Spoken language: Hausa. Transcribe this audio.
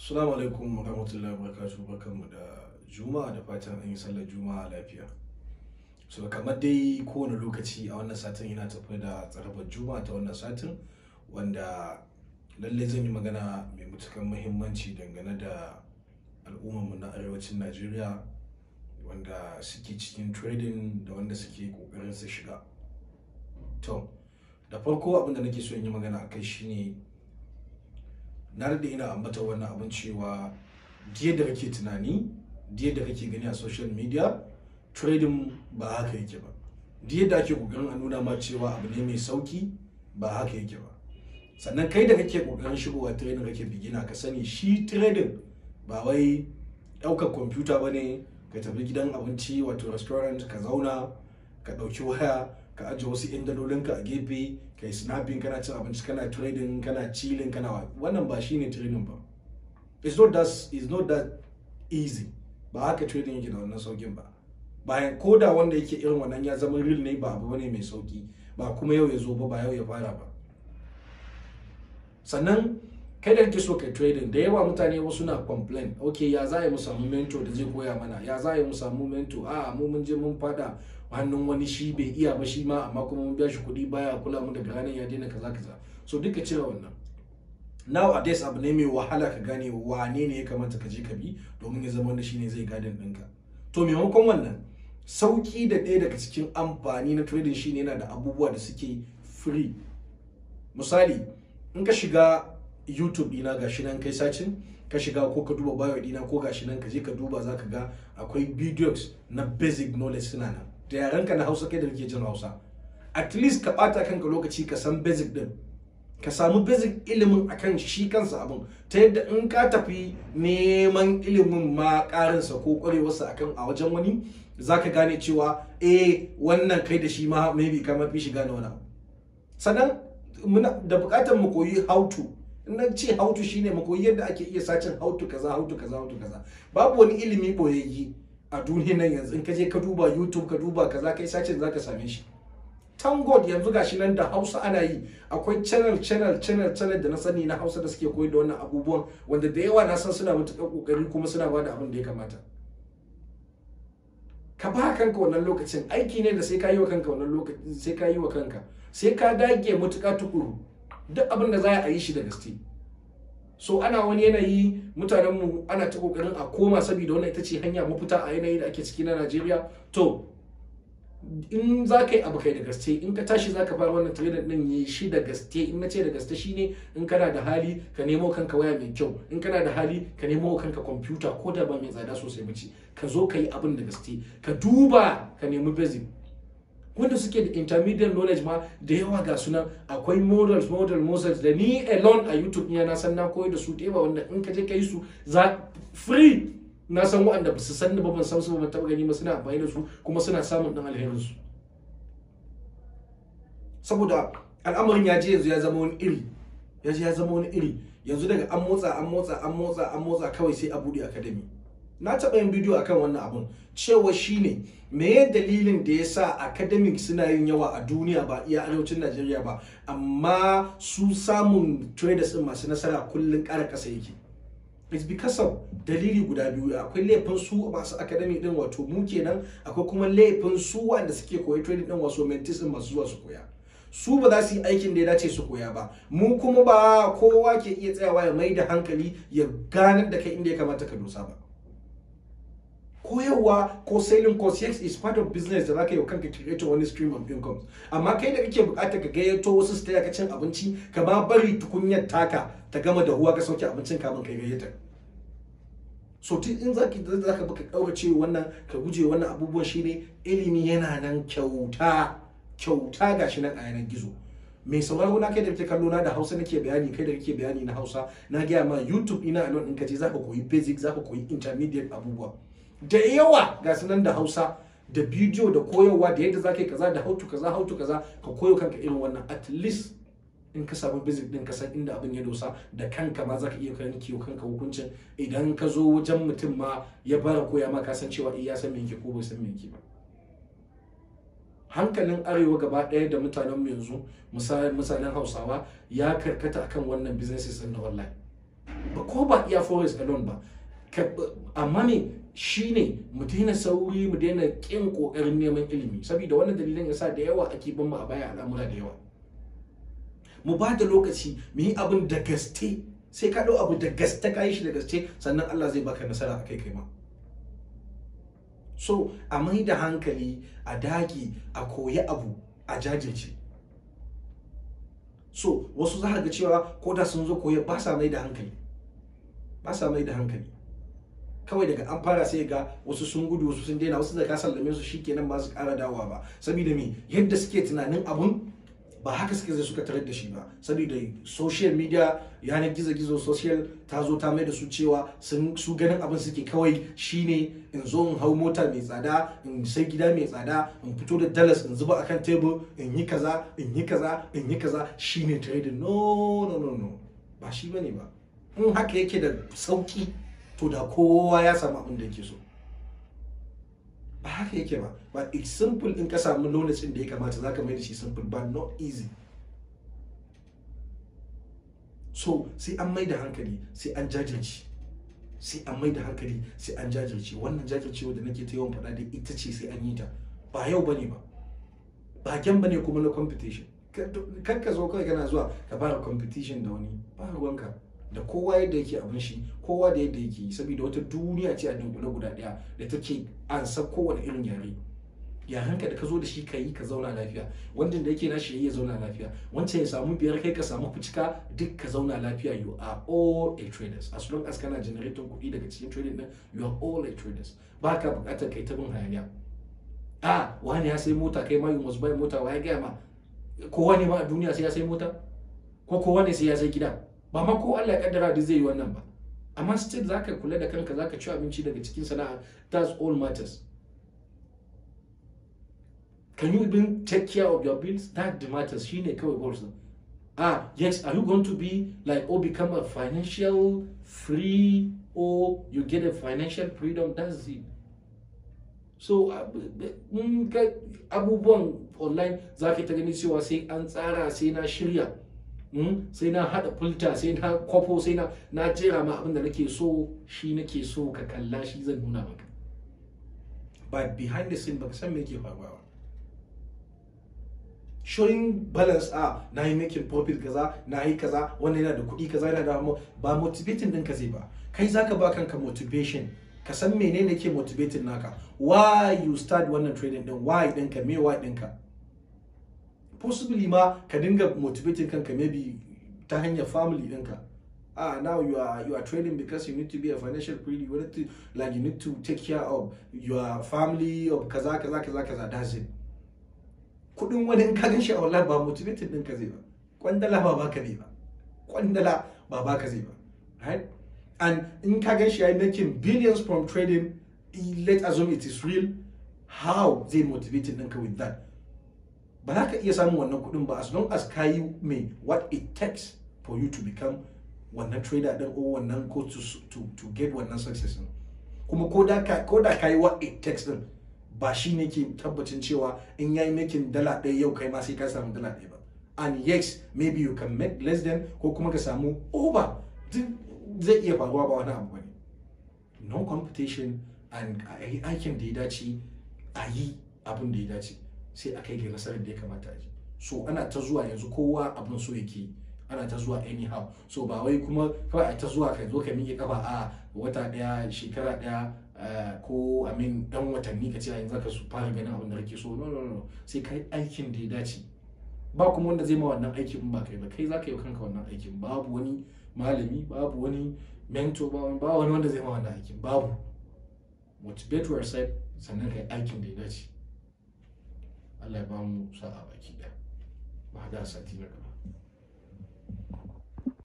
Assalamu alaikum wa rahmatullahi wa barakatuhu da juma'a da fatan an yi sallar juma'a lafiya. So kamar dai kowane lokaci a wannan satin yana tafi da tsarabar juma'a ta wannan satin wanda lalle zan yi magana mai mutukan muhimmanci dangane da mu na arewacin Najeriya wanda suke cikin trading da wanda suke kokarin su shiga. To, da farko abin da nake so in yi magana akai shine na daɗe ina ambata wannan abin cewa diya da kake tunani diya da kake gani a social media trading ba haka yake ba diya da ake kokarin a nuna ma cewa abu ne mai sauki ba haka yake ba sannan kai da kake kokarin shigowa trading kake bigina ka sani shi trading ba wai ɗaukar kwamfuta ba ne ka tafi gidan abinci wato restaurant ka zauna ka ɗauki waya ka ajiye wasu yan dalolin ka a gefe ka yi snapping kana cin abinci kana trading kana chilling kana wannan ba shine trading ba it's not that it's not that easy ba haka trading yake da wannan saukin ba bayan ko wanda yake irin wannan ya zama real ne ba abu bane mai sauki ba kuma yau ya zo ba ba yau ya fara ba sannan kai da kake so kai trading da yawa mutane wasu na complain okay, ya za mu samu mentor da zai koya mana ya za mu samu mentor a mu mun je mun fada hannun wani shi bai iya ba shi ma amma kuma mun biya shi kuɗi baya kula mun daga ranar ya daina kaza kaza so duka cire wannan a days abu ne mai wahala ka gane wane ne ya kamata ka je ka bi domin ya zama shi ne zai gadin ɗinka to maimakon wannan sauki da ɗaya daga cikin amfani na trading shine yana da abubuwa da suke free misali in ka shiga youtube dina gashi nan kai sacin ka shiga ko ka duba bio dina ko gashi nan ka je ka duba za ka ga akwai videos na basic knowledge suna nan da yarenka na hausa kai da muke jin hausa at least ka bata kanka lokaci ka san basic din ka samu basic ilimin akan shi kansa abin ta yadda in ka tafi neman ilimin ma sa ko kwarewarsa akan a wajen wani zaka gane cewa eh wannan kai da shi ma maybe ka mafi shi gane wani sannan muna da bukatar mu koyi how to na ce how to shine mu koyi yadda ake iya sacin how to kaza how to kaza how to kaza babu wani ilimi boyayye a duniya nan yanzu in ka je ka duba youtube ka duba kaza kai sacin za ka same shi tangod yanzu gashi nan da hausa ana yi akwai channel channel channel channel da na sani na hausa da suke koyar da wannan abubuwan wanda da yawa na san suna matuƙar ƙoƙari kuma suna ba da abin da ya kamata ka ba kanka wannan lokacin aiki ne da sai ka yi wa kanka wannan lokacin sai ka yi wa kanka sai ka dage matuƙa tukuru duk abin da za a yi shi da gaske so ana wani yanayi mutanenmu ana ta kokarin a koma saboda wannan ita ce hanya mafita a yanayi da ake ciki na najeriya to in za ka yi abu kai da gaske in ka tashi za ka fara wannan trader din yi shi da gaske in na ce da gaske shine in kana da hali ka nemo kanka waya mai kyau in kana da hali ka nemo kanka kwamfuta ko da ba mai tsada sosai ba ce ka zo ka yi abin da gaske ka duba ka nemi basic wanda suke da intermediate knowledge ma da yawa ga sunan akwai models model models da ni alone a youtube ina na san na koyar da su da yawa wanda in ka je kai su za free na san waɗanda ba su san da ban san su ba gani ba suna amfani da su kuma suna samun dan alherin su saboda al'amarin ya je yanzu ya zama wani iri ya je ya zama wani iri yanzu daga an motsa an motsa an motsa an motsa kawai sai a buɗe academy na taɓa yin bidiyo akan wannan abun cewa shine meye dalilin da ya sa academic suna yin yawa a duniya ba iya arewacin najeriya ba amma su samun traders din masu nasara kullum ƙara ƙasa yake it's because of dalili guda biyu akwai laifin su masu academy din wato mu kenan akwai kuma laifin su wanda suke koyi trading din wasu mentis din masu zuwa su koya su ba za su yi aikin da ya dace su koya ba mu kuma ba kowa ke iya tsayawa ya mai da hankali ya ganar da kai inda ya kamata ka dosa ba koyarwa ko selling ko is part of business da zaka yi wa kanka create wani stream of income amma kai da kake bukatar ka gayyato wasu su taya ka cin abinci ka ba bari tukunyar taka ta gama da huwa ka sauke abincin kafin kai gayyatar so tun in zaki da zaka baka kaurace wannan ka guje wannan abubuwan shine ilimi yana nan kyauta kyauta gashi nan a yanar gizo mai sauraro na kai da kake kallo na da Hausa nake bayani kai da kake bayani na Hausa na gaya ma YouTube ina a nan in ka zaka koyi basic zaka koyi intermediate abubuwa da yawa ga nan da hausa da bidiyo da koyarwa da yadda za yi kaza da hautu kaza hautu kaza ka koyo kanka irin wannan at least in ka samu basic din ka san inda abin ya dosa da kanka ma zaka iya kan kiwo kanka hukuncin idan ka zo wajen mutum ma ya bara koya ma ka san cewa iya eh, san me yake ko bai san me ba hankalin arewa gaba ɗaya da mutanen mu yanzu misalin hausawa ya karkata akan wannan businesses din na wallahi ba ko ba iya forest alone ba amma ne shi ne mu daina sauri mu daina ƙin kokarin neman ilimi saboda wannan dalilin yasa da yawa ake bin mu a baya al'amura da yawa mu ba da lokaci mu yi abin da gaske sai ka ɗau abu da gaske ka yi shi da gaske sannan Allah zai baka nasara a kai kai ma so a mai da hankali a daki a koyi abu a jajirce so wasu za ga cewa ko da sun zo koyi ba sa mai da hankali ba sa mai da hankali kawai daga an fara sai ga wasu sun gudu wasu sun daina wasu da ka sallame su shikenan ba su ƙara dawowa ba saboda me yadda suke tunanin abun ba haka suke zai suka tarar da shi ba saboda social media yanar gizo-gizo social ta zo ta mai da su cewa su ganin abin suke kawai shine in zo in hau mota mai tsada in sai gida mai tsada in fito da dalas in zuba akan tebur in yi kaza in yi kaza in yi kaza shine trading no no no no ba shi bane ba in haka yake da sauki to da kowa ya samu abin da yake so ba haka yake ba ba it's simple in ka samu knowledge din da ya kamata ka mai da shi simple ba not easy so sai an mai da hankali sai an jajirce sai an mai da hankali sai an jajirce wannan jajircewa da nake ta yawan faɗa da ita ce sai an yi ta ba yau bane ba ba ne kuma na competition Kan ka zo kawai kana zuwa ka fara competition da wani ba ruwanka da kowa yadda yake abin shi kowa da yadda yake saboda wata duniya ce a dunkule guda daya da take san kowane irin yare yarenka da ka zo da shi ka yi ka zauna lafiya wanda da yake na shi ya zauna lafiya wancan ya samu biyar kai ka samu fucika duk ka zauna lafiya you are all a traders as long as kana generating kuɗi daga cikin trading din you are all a traders ba ka buƙatar kai ta bin hayaniya a wani ya sai mota kai ma you must buy mota wa ya gaya ma kowa ne ma a duniya sai ya sai mota ko kowa ne sai ya sai gida ba ma ko Allah ya kaddara da zai yi wannan ba amma still zaka kula da kanka zaka ci abinci daga cikin sana'a that's all matters can you even take care of your bills that the matters shine kawai goals ah yes are you going to be like or become a financial free or you get a financial freedom that's it so abubuwan online za ka ta gani cewa sai an tsara sai na shirya Hmm? sai na haɗa filter sai na kwafo sai na na jera ma abin da nake so shi nake so ka kalla shi zan nuna maka ba behind the scene baka san me yake faruwa ba showing balance a ah, na yi making profit kaza na yi kaza wannan yana da kuɗi kaza yana da ba motivating ɗinka zai ba kai zaka ba kanka motivation ka san menene ke motivating naka why you start wannan trading din why ɗinka me why ɗinka possibly ma ka dinga motivating kanka maybe ta hanyar family dinka ah now you are you are trading because you need to be a financial freedom you need to like you need to take care of your family of kaza kaza kaza kaza that's it kudin wani in ka ganshi shi a wallahi ba motivated dinka zai ba kwandala ba baka zai ba kwandala ba baka zai ba right and in ka gan shi yayi making billions from trading let assume it is real how zai motivated ɗinka with that ba za ka iya samun wannan kuɗin ba as long as ka yi mai what it takes for you to become wannan trader din ko wannan ko to, to, to get wannan success din kuma ko da ka yi what it takes din ba shi ne ke tabbacin cewa in yayi making dala ɗaya yau kai ma sai ka samu dala ɗaya ba and yes maybe you can make less than ko kuma ka samu over zai iya faruwa ba wani abu bane no competition and aikin da ya dace a yi abin da ya dace sai aka yi nasarar da ya kamata a ji so ana ta zuwa yanzu kowa abin so yake ana ta zuwa anyhow so ba wai kuma kawai a ta zuwa ka zo ka miƙe kafa a wata ɗaya shekara ɗaya ko a min dan watanni ka ce yanzu ka su fara ganin abin da kake so no no no sai kai aikin da ya dace ba kuma wanda zai ma wannan aikin ba kai ba kai za ka yi kanka wannan aikin babu wani malami babu wani mento ba wani wanda zai ma wannan aikin babu motivate yourself sannan kai aikin da ya dace Allah ya ba mu sa'a baki da ba da sati na gaba